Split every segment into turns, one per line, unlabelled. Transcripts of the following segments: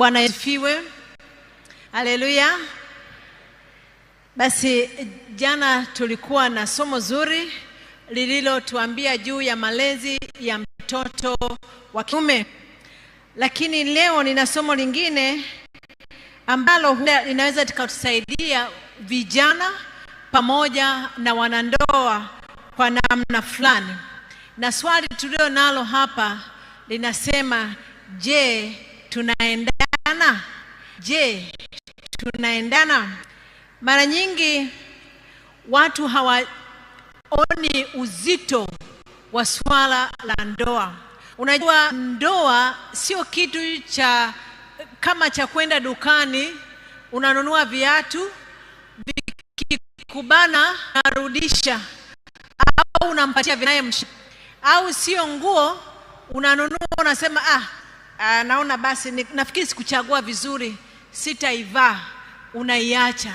Bwana yesifiwe, haleluya. Basi jana tulikuwa na somo zuri lililotuambia juu ya malezi ya mtoto wa kiume, lakini leo nina somo lingine ambalo linaweza likatusaidia vijana pamoja na wanandoa kwa namna fulani, na swali tulio nalo hapa linasema, je, tunaenda tunaendana? je, tunaendana? Mara nyingi watu hawaoni uzito wa swala la ndoa. Unajua, ndoa sio kitu cha kama cha kwenda dukani unanunua viatu vikikubana unarudisha, au unampatia vinaye mshi, au sio nguo unanunua unasema ah Uh, naona basi ni, nafikiri sikuchagua vizuri, sitaivaa, unaiacha.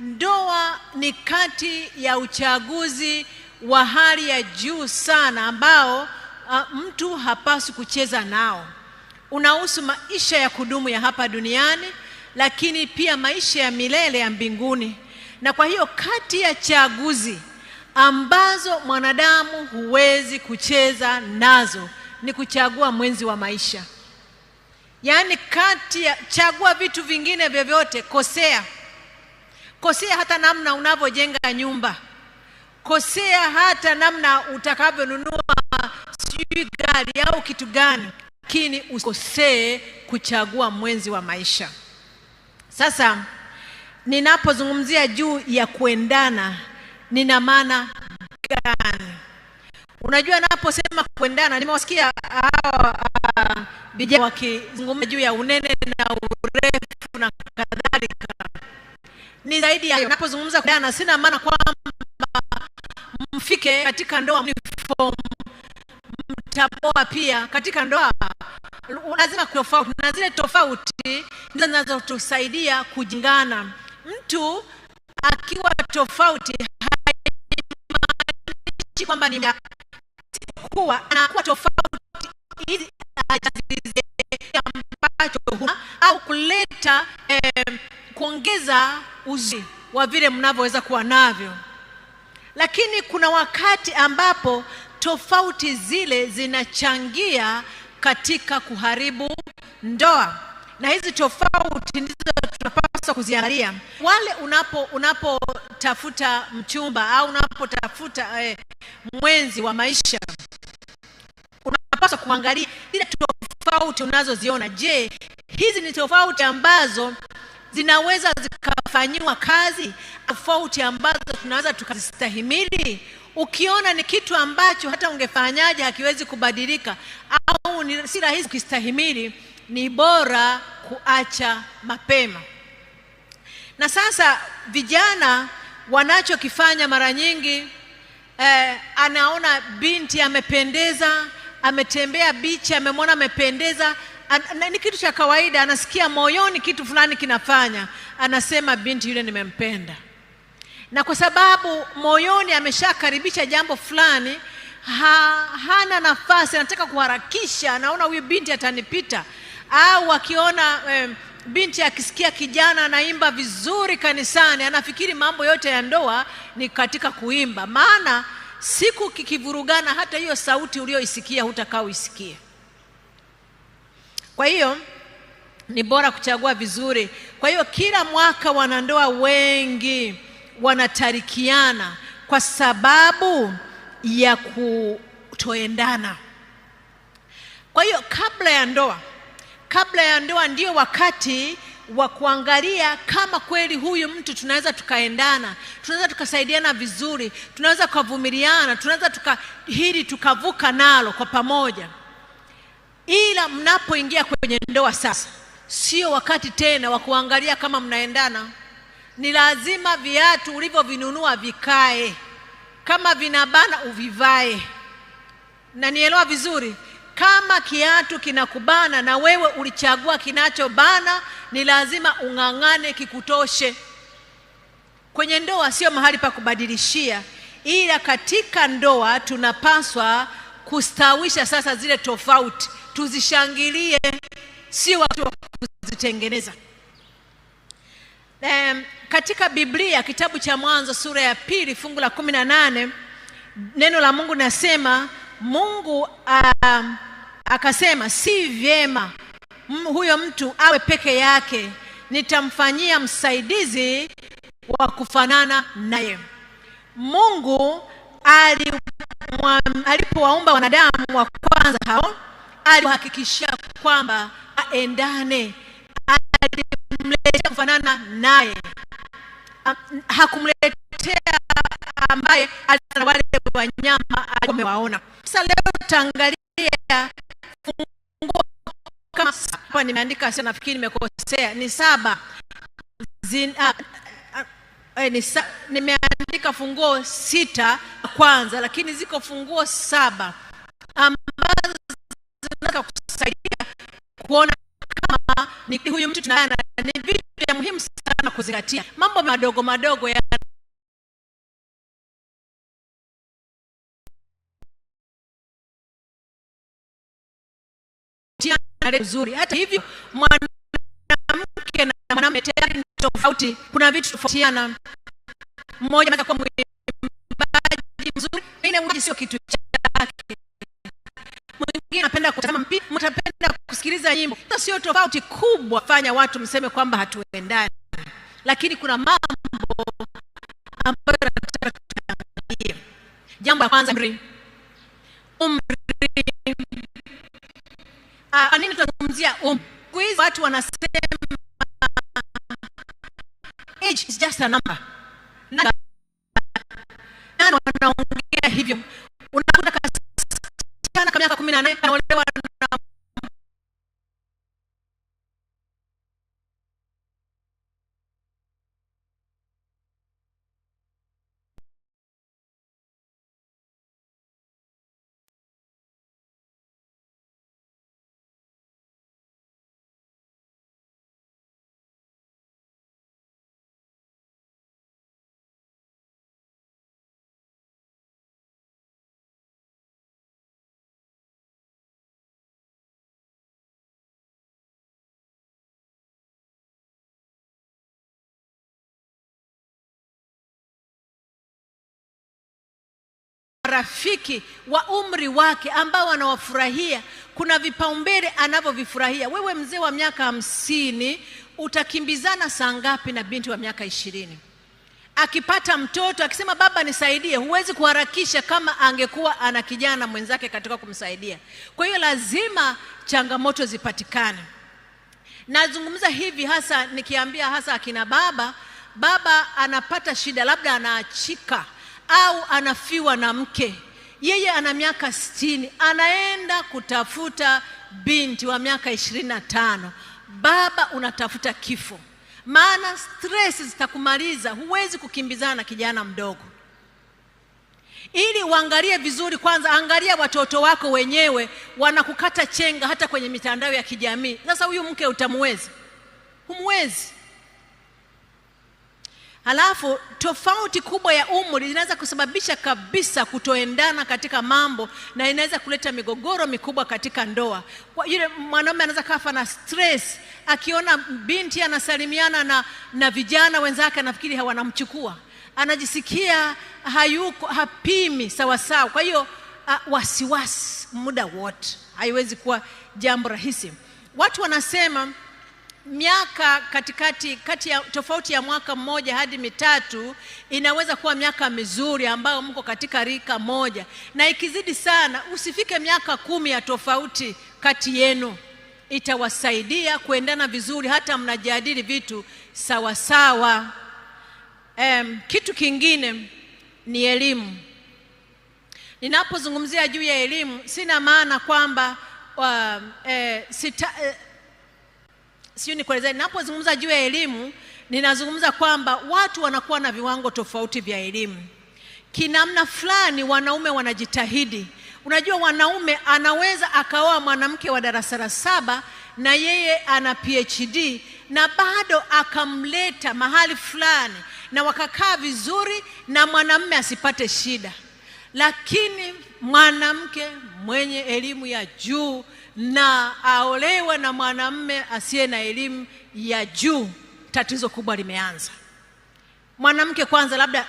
Ndoa ni kati ya uchaguzi wa hali ya juu sana ambao uh, mtu hapaswi kucheza nao. Unahusu maisha ya kudumu ya hapa duniani, lakini pia maisha ya milele ya mbinguni. Na kwa hiyo kati ya chaguzi ambazo mwanadamu huwezi kucheza nazo ni kuchagua mwenzi wa maisha. Yaani kati ya chagua vitu vingine vyovyote, kosea, kosea hata namna unavyojenga nyumba, kosea hata namna utakavyonunua sijui gari au kitu gani, lakini usikosee kuchagua mwenzi wa maisha. Sasa ninapozungumzia juu ya kuendana, nina maana gani? Unajua, naposema kuendana, nimewasikia hawa ah, vijana wakizungumza juu ya unene na urefu na kadhalika. Ni zaidi ya hayo, napozungumza kuendana, sina maana kwamba mfike katika ndoa uniform, mtaboa pia katika ndoa. Lazima tofauti na zile tofauti ndizo zinazotusaidia kujingana Mtu akiwa tofauti haimaanishi kwamba ni kuwa anakuwa tofauti hizi ambacho huna au kuleta eh, kuongeza uzi wa vile mnavyoweza kuwa navyo, lakini kuna wakati ambapo tofauti zile zinachangia katika kuharibu ndoa, na hizi tofauti ndizo tunapata unapaswa kuziangalia wale unapo unapotafuta mchumba au unapotafuta eh, mwenzi wa maisha unapaswa kuangalia zile tofauti unazoziona. Je, hizi ni tofauti ambazo zinaweza zikafanyiwa kazi, tofauti ambazo tunaweza tukazistahimili? Ukiona ni kitu ambacho hata ungefanyaje hakiwezi kubadilika au ni si rahisi kukistahimili, ni bora kuacha mapema. Na sasa vijana wanachokifanya mara nyingi eh, anaona binti amependeza, ametembea bichi, amemwona amependeza An, ni kitu cha kawaida, anasikia moyoni kitu fulani kinafanya, anasema binti yule nimempenda. Na kwa sababu moyoni ameshakaribisha jambo fulani, ha, hana nafasi, anataka kuharakisha, anaona huyu binti atanipita, au akiona eh, Binti akisikia kijana anaimba vizuri kanisani, anafikiri mambo yote ya ndoa ni katika kuimba, maana siku kikivurugana, hata hiyo sauti ulioisikia hutakaa uisikie. Kwa hiyo ni bora kuchagua vizuri. Kwa hiyo kila mwaka wanandoa wengi wanatarikiana kwa sababu ya kutoendana. Kwa hiyo kabla ya ndoa kabla ya ndoa ndio wakati wa kuangalia kama kweli huyu mtu tunaweza tukaendana, tunaweza tukasaidiana vizuri, tunaweza tukavumiliana, tunaweza tuka hili tukavuka nalo kwa pamoja. Ila mnapoingia kwenye ndoa sasa, sio wakati tena wa kuangalia kama mnaendana. Ni lazima viatu ulivyovinunua vikae, kama vinabana uvivae, na nielewa vizuri kama kiatu kinakubana na wewe ulichagua kinachobana, ni lazima ung'ang'ane kikutoshe. Kwenye ndoa sio mahali pa kubadilishia, ila katika ndoa tunapaswa kustawisha sasa zile tofauti, tuzishangilie, si watu wa kuzitengeneza. Um, katika Biblia kitabu cha Mwanzo sura ya pili fungu la kumi na nane neno la Mungu nasema Mungu um, akasema si vyema huyo mtu awe peke yake, nitamfanyia msaidizi wa kufanana naye. Mungu alipowaumba wanadamu wa kwanza hao, aliwahakikishia kwamba aendane, alimletea kufanana naye, hakumletea ambaye alikuwa wale wanyama amewaona. Sasa leo tutaangalia funguo kama hapa nimeandika, sio nafikiri nimekosea, ni saba Zin, a, a, a, ni sa, nimeandika funguo sita kwanza, lakini ziko funguo saba ambazo zinaweza kusaidia kuona kama ni huyu mtu tunaana ni vitu vya muhimu sana kuzingatia, mambo madogo madogo ya starehe nzuri. Hata hivyo mwanamke na mwanamume tayari ni tofauti, kuna vitu tofautiana. Mmoja anaweza kuwa mwimbaji mzuri, mwingine uimbaji sio kitu chake, mwingine anapenda kutazama mpira, mtapenda kusikiliza nyimbo. Hata Sio tofauti kubwa fanya watu mseme kwamba hatuendani, lakini kuna mambo ambayo nataka tuangalie. Jambo la kwanza, umri. Umri Ah, kwa nini tunazungumzia quiz? Um? watu wanasema age is just a number nani wanaongea hivyo unakuta kasichana kama miaka 18 anaolewa na marafiki wa umri wake ambao anawafurahia, kuna vipaumbele anavyovifurahia. Wewe mzee wa miaka hamsini utakimbizana saa ngapi na binti wa miaka ishirini? Akipata mtoto akisema baba nisaidie, huwezi kuharakisha kama angekuwa ana kijana mwenzake katika kumsaidia. Kwa hiyo lazima changamoto zipatikane. Nazungumza hivi hasa nikiambia hasa akina baba, baba anapata shida, labda anaachika au anafiwa na mke, yeye ana miaka sitini, anaenda kutafuta binti wa miaka ishirini na tano. Baba, unatafuta kifo, maana stress zitakumaliza. Huwezi kukimbizana na kijana mdogo. Ili uangalie vizuri, kwanza angalia watoto wako wenyewe wanakukata chenga, hata kwenye mitandao ya kijamii. Sasa huyu mke utamuwezi? Humwezi. Halafu tofauti kubwa ya umri inaweza kusababisha kabisa kutoendana katika mambo na inaweza kuleta migogoro mikubwa katika ndoa. Kwa yule mwanaume anaweza kafa na stress akiona binti anasalimiana na, na vijana wenzake anafikiri hawanamchukua, anajisikia hayuko, hapimi sawasawa. Kwa hiyo wasiwasi muda wote, haiwezi kuwa jambo rahisi. Watu wanasema miaka katikati kati ya tofauti ya mwaka mmoja hadi mitatu inaweza kuwa miaka mizuri ambayo mko katika rika moja, na ikizidi sana usifike miaka kumi ya tofauti kati yenu, itawasaidia kuendana vizuri, hata mnajadili vitu sawa sawa. Um, kitu kingine ni elimu. Ninapozungumzia juu ya elimu, sina maana kwamba uh, eh, sita, eh, ni nikuelezee, ninapozungumza juu ya elimu ninazungumza kwamba watu wanakuwa na viwango tofauti vya elimu. Kinamna fulani wanaume wanajitahidi. Unajua, wanaume anaweza akaoa mwanamke wa darasa la saba na yeye ana PhD na bado akamleta mahali fulani na wakakaa vizuri na mwanamume asipate shida. Lakini mwanamke mwenye elimu ya juu na aolewe na mwanamume asiye na elimu ya juu, tatizo kubwa limeanza. Mwanamke kwanza, labda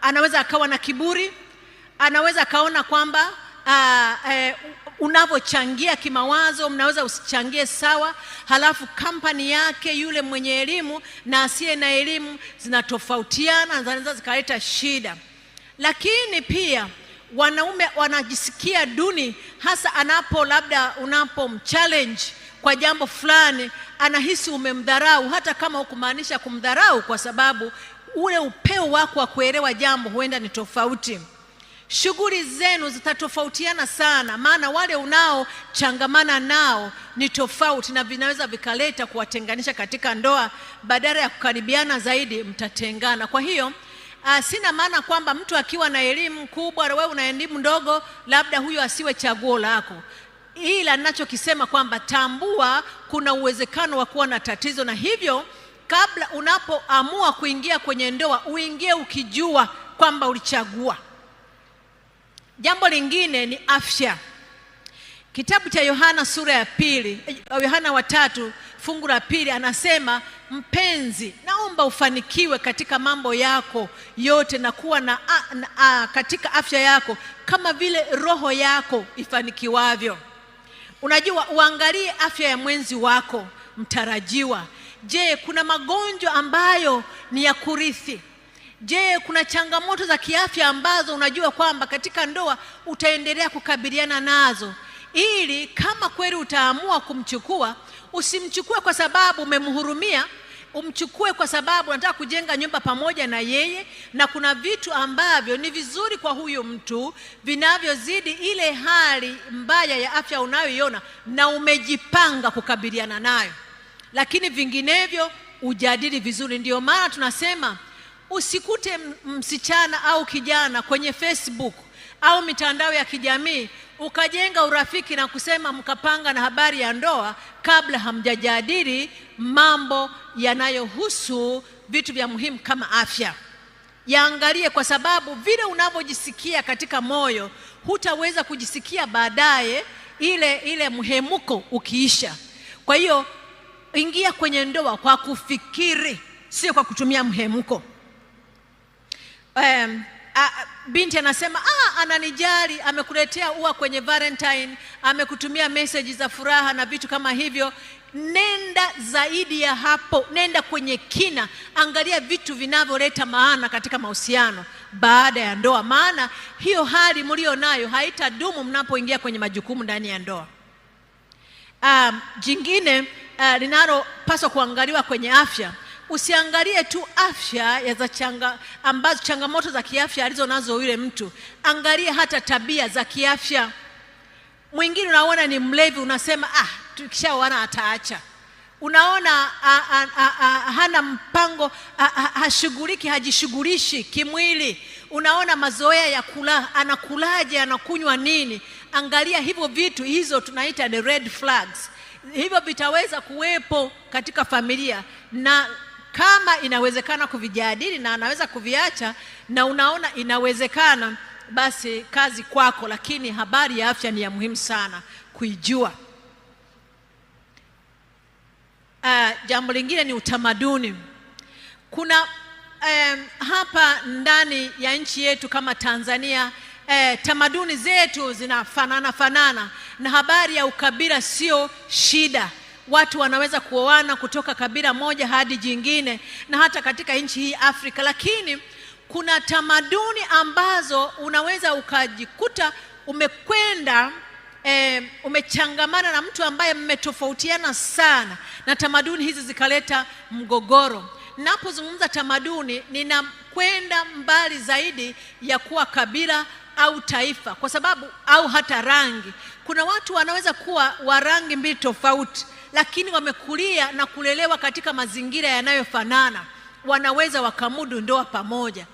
anaweza akawa na kiburi, anaweza akaona kwamba uh, uh, unavyochangia kimawazo mnaweza usichangie sawa, halafu kampani yake yule mwenye elimu na asiye na elimu zinatofautiana, zinaweza zikaleta shida. Lakini pia wanaume wanajisikia duni, hasa anapo labda unapomchallenge kwa jambo fulani, anahisi umemdharau, hata kama hukumaanisha kumdharau, kwa sababu ule upeo wako wa kuelewa jambo huenda ni tofauti. Shughuli zenu zitatofautiana sana, maana wale unaochangamana nao ni tofauti, na vinaweza vikaleta kuwatenganisha katika ndoa. Badala ya kukaribiana zaidi, mtatengana. Kwa hiyo Aa, ah, sina maana kwamba mtu akiwa na elimu kubwa, wewe una elimu ndogo, labda huyo asiwe chaguo lako, ila ninachokisema kwamba tambua, kuna uwezekano wa kuwa na tatizo, na hivyo kabla unapoamua kuingia kwenye ndoa uingie ukijua kwamba ulichagua. Jambo lingine ni afya. Kitabu cha Yohana sura ya pili, eh, Yohana watatu fungu la pili anasema, mpenzi, naomba ufanikiwe katika mambo yako yote na kuwa na, a, na a, katika afya yako kama vile roho yako ifanikiwavyo. Unajua, uangalie afya ya mwenzi wako mtarajiwa. Je, kuna magonjwa ambayo ni ya kurithi? Je, kuna changamoto za kiafya ambazo unajua kwamba katika ndoa utaendelea kukabiliana nazo? ili kama kweli utaamua kumchukua, usimchukue kwa sababu umemhurumia, umchukue kwa sababu unataka kujenga nyumba pamoja na yeye, na kuna vitu ambavyo ni vizuri kwa huyu mtu vinavyozidi ile hali mbaya ya afya unayoiona na umejipanga kukabiliana nayo, lakini vinginevyo ujadili vizuri. Ndiyo maana tunasema usikute msichana au kijana kwenye Facebook au mitandao ya kijamii ukajenga urafiki na kusema mkapanga na habari ya ndoa kabla hamjajadili mambo yanayohusu vitu vya muhimu kama afya. Yaangalie, kwa sababu vile unavyojisikia katika moyo hutaweza kujisikia baadaye ile ile mhemuko ukiisha. Kwa hiyo ingia kwenye ndoa kwa kufikiri, sio kwa kutumia mhemuko. Um, a, binti anasema ah, ananijali, amekuletea ua kwenye Valentine, amekutumia message za furaha na vitu kama hivyo. Nenda zaidi ya hapo, nenda kwenye kina, angalia vitu vinavyoleta maana katika mahusiano baada ya ndoa, maana hiyo hali mlio nayo haitadumu mnapoingia kwenye majukumu ndani ya ndoa. Um, jingine uh, linalopaswa kuangaliwa kwenye afya usiangalie tu afya ya za changa, ambazo changamoto za kiafya alizo nazo yule mtu, angalie hata tabia za kiafya. Mwingine unaona ni mlevi, unasema ah, tukishaoana ataacha. Unaona a, a, a, a, hana mpango hashughuliki, hajishughulishi kimwili. Unaona mazoea ya kula, anakulaje, anakunywa nini? Angalia hivyo vitu, hizo tunaita ni red flags hivyo vitaweza kuwepo katika familia na kama inawezekana kuvijadili na anaweza kuviacha na unaona inawezekana, basi kazi kwako, lakini habari ya afya ni ya muhimu sana kuijua. Uh, jambo lingine ni utamaduni. Kuna um, hapa ndani ya nchi yetu kama Tanzania Eh, tamaduni zetu zinafanana fanana na habari ya ukabila sio shida. Watu wanaweza kuoana kutoka kabila moja hadi jingine, na hata katika nchi hii Afrika, lakini kuna tamaduni ambazo unaweza ukajikuta umekwenda e, umechangamana na mtu ambaye mmetofautiana sana, na tamaduni hizi zikaleta mgogoro. Napozungumza tamaduni, ninakwenda mbali zaidi ya kuwa kabila au taifa, kwa sababu au hata rangi. Kuna watu wanaweza kuwa wa rangi mbili tofauti lakini wamekulia na kulelewa katika mazingira yanayofanana, wanaweza wakamudu ndoa pamoja.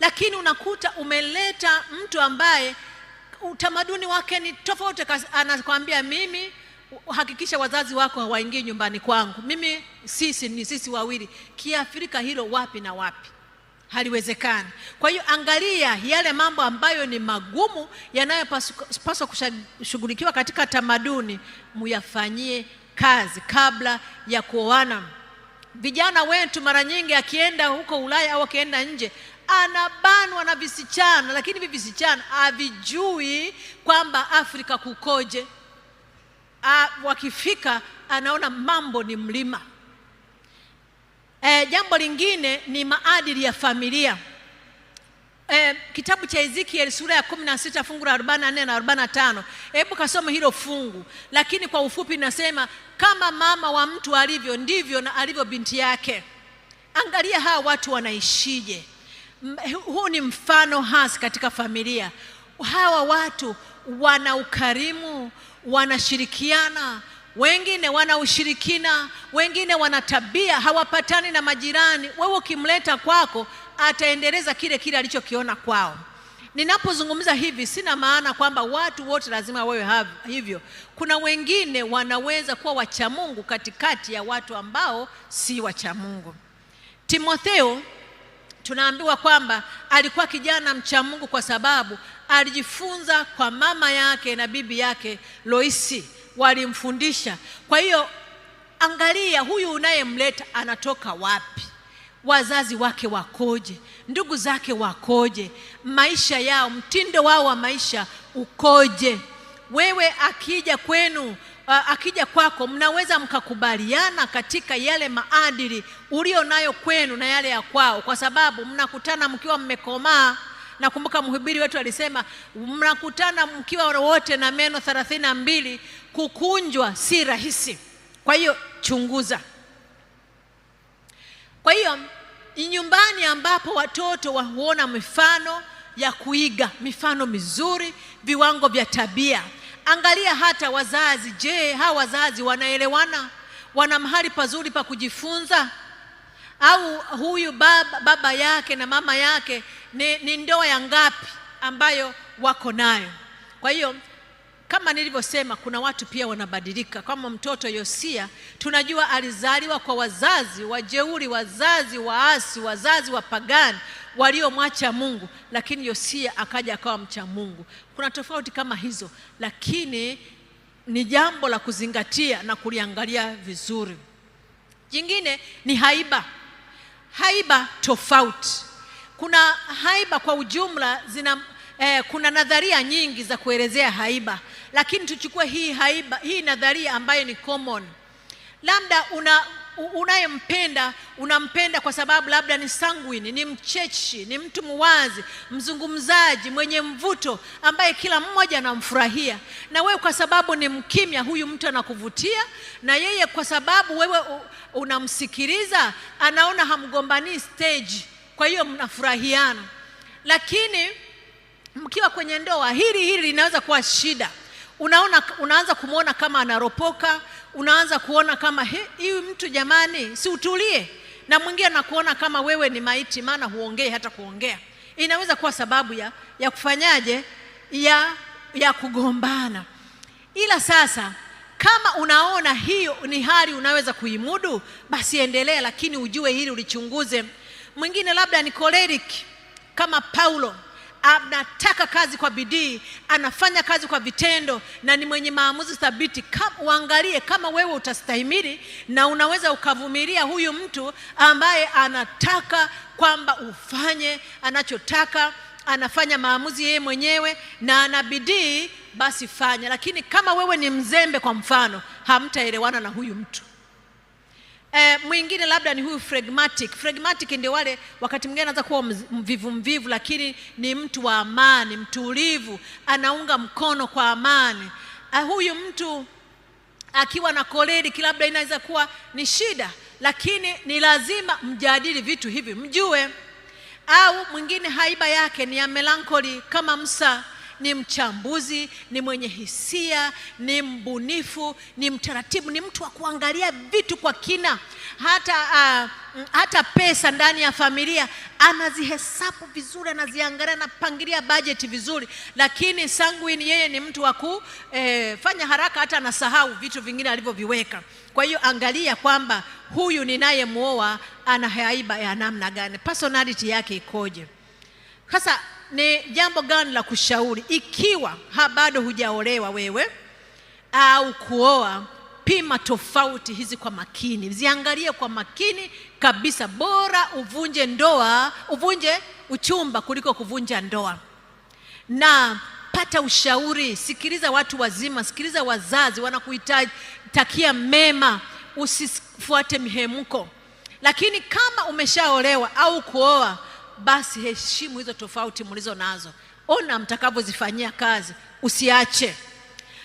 Lakini unakuta umeleta mtu ambaye utamaduni wake ni tofauti, anakwambia mimi hakikisha wazazi wako hawaingii nyumbani kwangu, mimi sisi ni sisi wawili. Kiafrika hilo wapi na wapi, haliwezekani. Kwa hiyo angalia yale mambo ambayo ni magumu yanayopaswa kushughulikiwa katika tamaduni, muyafanyie kazi kabla ya kuoana. Vijana wetu mara nyingi akienda huko Ulaya au akienda nje anabanwa na visichana, lakini hivi visichana havijui kwamba Afrika kukoje. A, wakifika anaona mambo ni mlima. E, jambo lingine ni maadili ya familia eh, kitabu cha Ezekiel sura ya kumi na sita fungu la arobaini na nne na arobaini na tano Hebu kasome hilo fungu, lakini kwa ufupi nasema kama mama wa mtu alivyo ndivyo na alivyo binti yake. Angalia hawa watu wanaishije. Huu ni mfano hasi katika familia. Hawa watu wana ukarimu, wanashirikiana wengine wana ushirikina, wengine wana tabia, hawapatani na majirani. Wewe ukimleta kwako ataendeleza kile kile alichokiona kwao. Ninapozungumza hivi, sina maana kwamba watu wote lazima wawe hivyo. Kuna wengine wanaweza kuwa wacha Mungu katikati ya watu ambao si wacha Mungu. Timotheo tunaambiwa kwamba alikuwa kijana mcha Mungu kwa sababu alijifunza kwa mama yake na bibi yake Loisi, walimfundisha. Kwa hiyo, angalia huyu unayemleta anatoka wapi wazazi wake wakoje, ndugu zake wakoje, maisha yao, mtindo wao wa maisha ukoje. Wewe akija kwenu uh, akija kwako, mnaweza mkakubaliana katika yale maadili ulio nayo kwenu na yale ya kwao, kwa sababu mnakutana mkiwa mmekomaa. Nakumbuka mhubiri wetu alisema mnakutana mkiwa wote na meno thelathini na mbili, kukunjwa si rahisi. Kwa hiyo chunguza. Kwa hiyo ni nyumbani ambapo watoto wahuona mifano ya kuiga, mifano mizuri, viwango vya tabia. Angalia hata wazazi. Je, hawa wazazi wanaelewana? Wana mahali pazuri pa kujifunza? Au huyu baba, baba yake na mama yake ni, ni ndoa ya ngapi ambayo wako nayo? Kwa hiyo kama nilivyosema, kuna watu pia wanabadilika. Kama mtoto Yosia, tunajua alizaliwa kwa wazazi wajeuri, wazazi waasi, wazazi wa pagani waliomwacha Mungu, lakini Yosia akaja akawa mcha Mungu. Kuna tofauti kama hizo, lakini ni jambo la kuzingatia na kuliangalia vizuri. Jingine ni haiba, haiba tofauti. Kuna haiba kwa ujumla zina eh, kuna nadharia nyingi za kuelezea haiba lakini tuchukue hii haiba, hii nadharia ambayo ni common. Labda una unayempenda unampenda kwa sababu labda ni sanguini, ni mchechi, ni mtu muwazi mzungumzaji, mwenye mvuto, ambaye kila mmoja anamfurahia. Na wewe kwa sababu ni mkimya, huyu mtu anakuvutia, na yeye kwa sababu wewe unamsikiliza, anaona hamgombanii stage, kwa hiyo mnafurahiana. Lakini mkiwa kwenye ndoa, hili hili linaweza kuwa shida unaona, unaanza kumwona kama anaropoka, unaanza kuona kama hii mtu jamani, si utulie. Na mwingine anakuona kama wewe ni maiti, maana huongei hata kuongea. Inaweza kuwa sababu ya, ya kufanyaje ya, ya kugombana. Ila sasa kama unaona hiyo ni hali unaweza kuimudu, basi endelea, lakini ujue hili ulichunguze. Mwingine labda ni koleriki kama Paulo anataka kazi kwa bidii, anafanya kazi kwa vitendo na ni mwenye maamuzi thabiti. Kama uangalie kama wewe utastahimili na unaweza ukavumilia huyu mtu ambaye anataka kwamba ufanye anachotaka, anafanya maamuzi yeye mwenyewe na ana bidii, basi fanya. Lakini kama wewe ni mzembe, kwa mfano, hamtaelewana na huyu mtu. E, mwingine labda ni huyu phlegmatic. Phlegmatic ndio wale wakati mwingine anaweza kuwa mvivu mvivu, lakini ni mtu wa amani, mtulivu, anaunga mkono kwa amani. E, huyu mtu akiwa na koleri labda inaweza kuwa ni shida, lakini ni lazima mjadili vitu hivi mjue. Au mwingine haiba yake ni ya melankholi kama Musa ni mchambuzi, ni mwenye hisia, ni mbunifu, ni mtaratibu, ni mtu wa kuangalia vitu kwa kina. Hata, uh, hata pesa ndani ya familia anazihesabu vizuri, anaziangalia, anapangilia bajeti vizuri. Lakini sanguini, yeye ni mtu wa kufanya eh, haraka, hata anasahau vitu vingine alivyoviweka. Kwa hiyo angalia kwamba huyu ninayemwoa ana haiba ya namna gani, personality yake ikoje. Sasa ni jambo gani la kushauri ikiwa ha bado hujaolewa wewe au kuoa? Pima tofauti hizi kwa makini, ziangalie kwa makini kabisa. Bora uvunje ndoa, uvunje uchumba kuliko kuvunja ndoa. Na pata ushauri, sikiliza watu wazima, sikiliza wazazi, wanakuhitaji takia mema, usifuate mihemko. Lakini kama umeshaolewa au kuoa basi heshimu hizo tofauti mlizo nazo, ona mtakavyozifanyia kazi, usiache.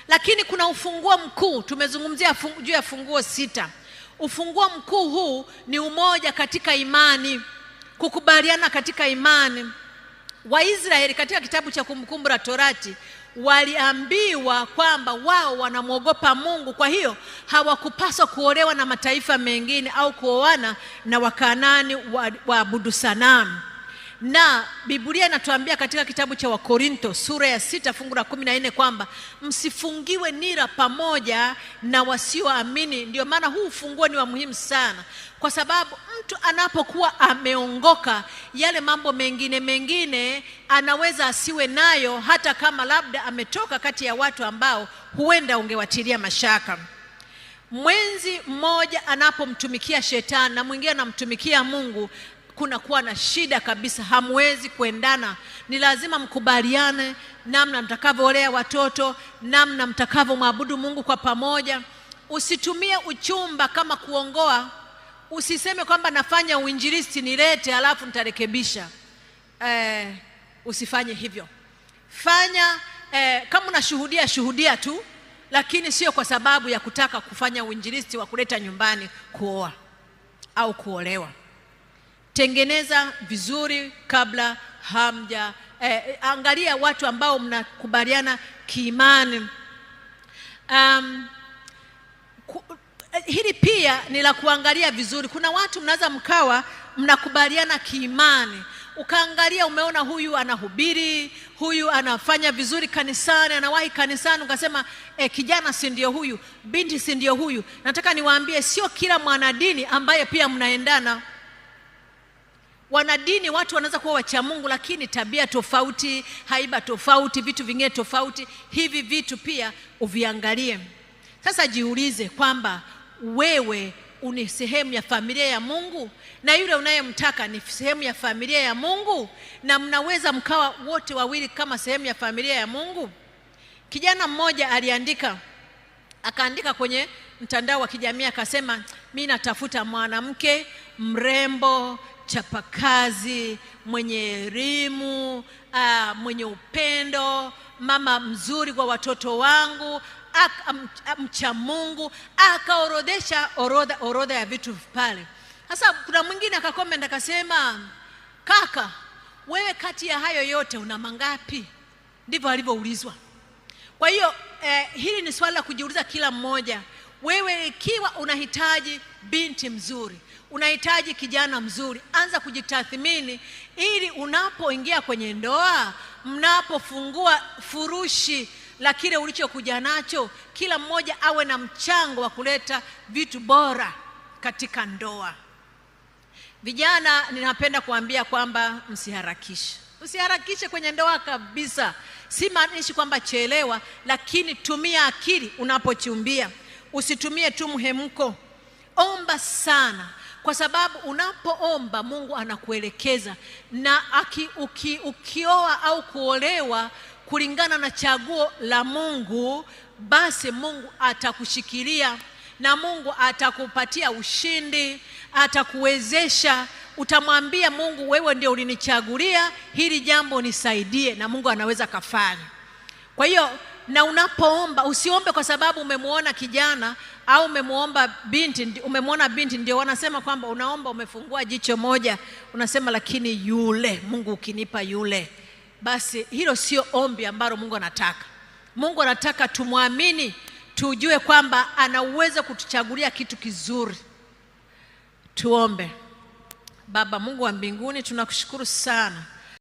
Lakini kuna ufunguo mkuu, tumezungumzia juu ya funguo sita. Ufunguo mkuu huu ni umoja katika imani, kukubaliana katika imani. Waisraeli katika kitabu cha Kumbukumbu la Torati waliambiwa kwamba wao wanamwogopa Mungu, kwa hiyo hawakupaswa kuolewa na mataifa mengine au kuoana na Wakanani waabudu sanamu na Biblia inatuambia katika kitabu cha Wakorinto sura ya sita fungu la kumi na nne kwamba msifungiwe nira pamoja na wasioamini. Ndio maana huu ufunguo ni wa muhimu sana, kwa sababu mtu anapokuwa ameongoka, yale mambo mengine mengine anaweza asiwe nayo, hata kama labda ametoka kati ya watu ambao huenda ungewatilia mashaka. Mwenzi mmoja anapomtumikia shetani na mwingine anamtumikia Mungu, kunakuwa na shida kabisa, hamwezi kuendana. Ni lazima mkubaliane namna mtakavyolea watoto, namna mtakavyomwabudu Mungu kwa pamoja. Usitumie uchumba kama kuongoa. Usiseme kwamba nafanya uinjilisti nilete alafu nitarekebisha. Eh, usifanye hivyo. Fanya eh, kama unashuhudia shuhudia tu, lakini sio kwa sababu ya kutaka kufanya uinjilisti wa kuleta nyumbani kuoa au kuolewa tengeneza vizuri kabla hamja eh, angalia watu ambao mnakubaliana kiimani. Um, ku, eh, hili pia ni la kuangalia vizuri. Kuna watu mnaweza mkawa mnakubaliana kiimani ukaangalia umeona huyu anahubiri, huyu anafanya vizuri kanisani, anawahi kanisani, ukasema eh, kijana si ndio huyu, binti si ndio huyu. Nataka niwaambie sio kila mwanadini ambaye pia mnaendana Wanadini watu wanaweza kuwa wacha Mungu, lakini tabia tofauti, haiba tofauti, vitu vingine tofauti. Hivi vitu pia uviangalie. Sasa jiulize kwamba wewe ni sehemu ya familia ya Mungu na yule unayemtaka ni sehemu ya familia ya Mungu, na mnaweza mkawa wote wawili kama sehemu ya familia ya Mungu. Kijana mmoja aliandika, akaandika kwenye mtandao wa kijamii akasema, mimi natafuta mwanamke mrembo chapakazi, mwenye elimu, uh, ah, mwenye upendo, mama mzuri kwa watoto wangu, mcha Mungu, akaorodhesha orodha, orodha ya vitu pale. Sasa kuna mwingine akakomenda akasema, kaka wewe, kati ya hayo yote una mangapi? Ndivyo alivyoulizwa. Kwa hiyo eh, hili ni swala la kujiuliza kila mmoja. Wewe ikiwa unahitaji binti mzuri unahitaji kijana mzuri. Anza kujitathmini, ili unapoingia kwenye ndoa, mnapofungua furushi la kile ulichokuja nacho, kila mmoja awe na mchango wa kuleta vitu bora katika ndoa. Vijana, ninapenda kuambia kwamba msiharakishe, usiharakishe kwenye ndoa kabisa. Si maanishi kwamba chelewa, lakini tumia akili unapochumbia, usitumie tu mhemko. Omba sana kwa sababu unapoomba Mungu anakuelekeza na aki, uki, ukioa au kuolewa kulingana na chaguo la Mungu, basi Mungu atakushikilia na Mungu atakupatia ushindi, atakuwezesha. Utamwambia Mungu, wewe ndio ulinichagulia hili jambo, nisaidie, na Mungu anaweza kafanya. Kwa hiyo na unapoomba usiombe kwa sababu umemwona kijana au umemwomba binti, umemwona binti. Ndio wanasema kwamba unaomba umefungua jicho moja, unasema lakini yule Mungu ukinipa yule, basi hilo sio ombi ambalo Mungu anataka. Mungu anataka tumwamini, tujue kwamba ana uwezo kutuchagulia kitu kizuri. Tuombe. Baba Mungu wa mbinguni, tunakushukuru sana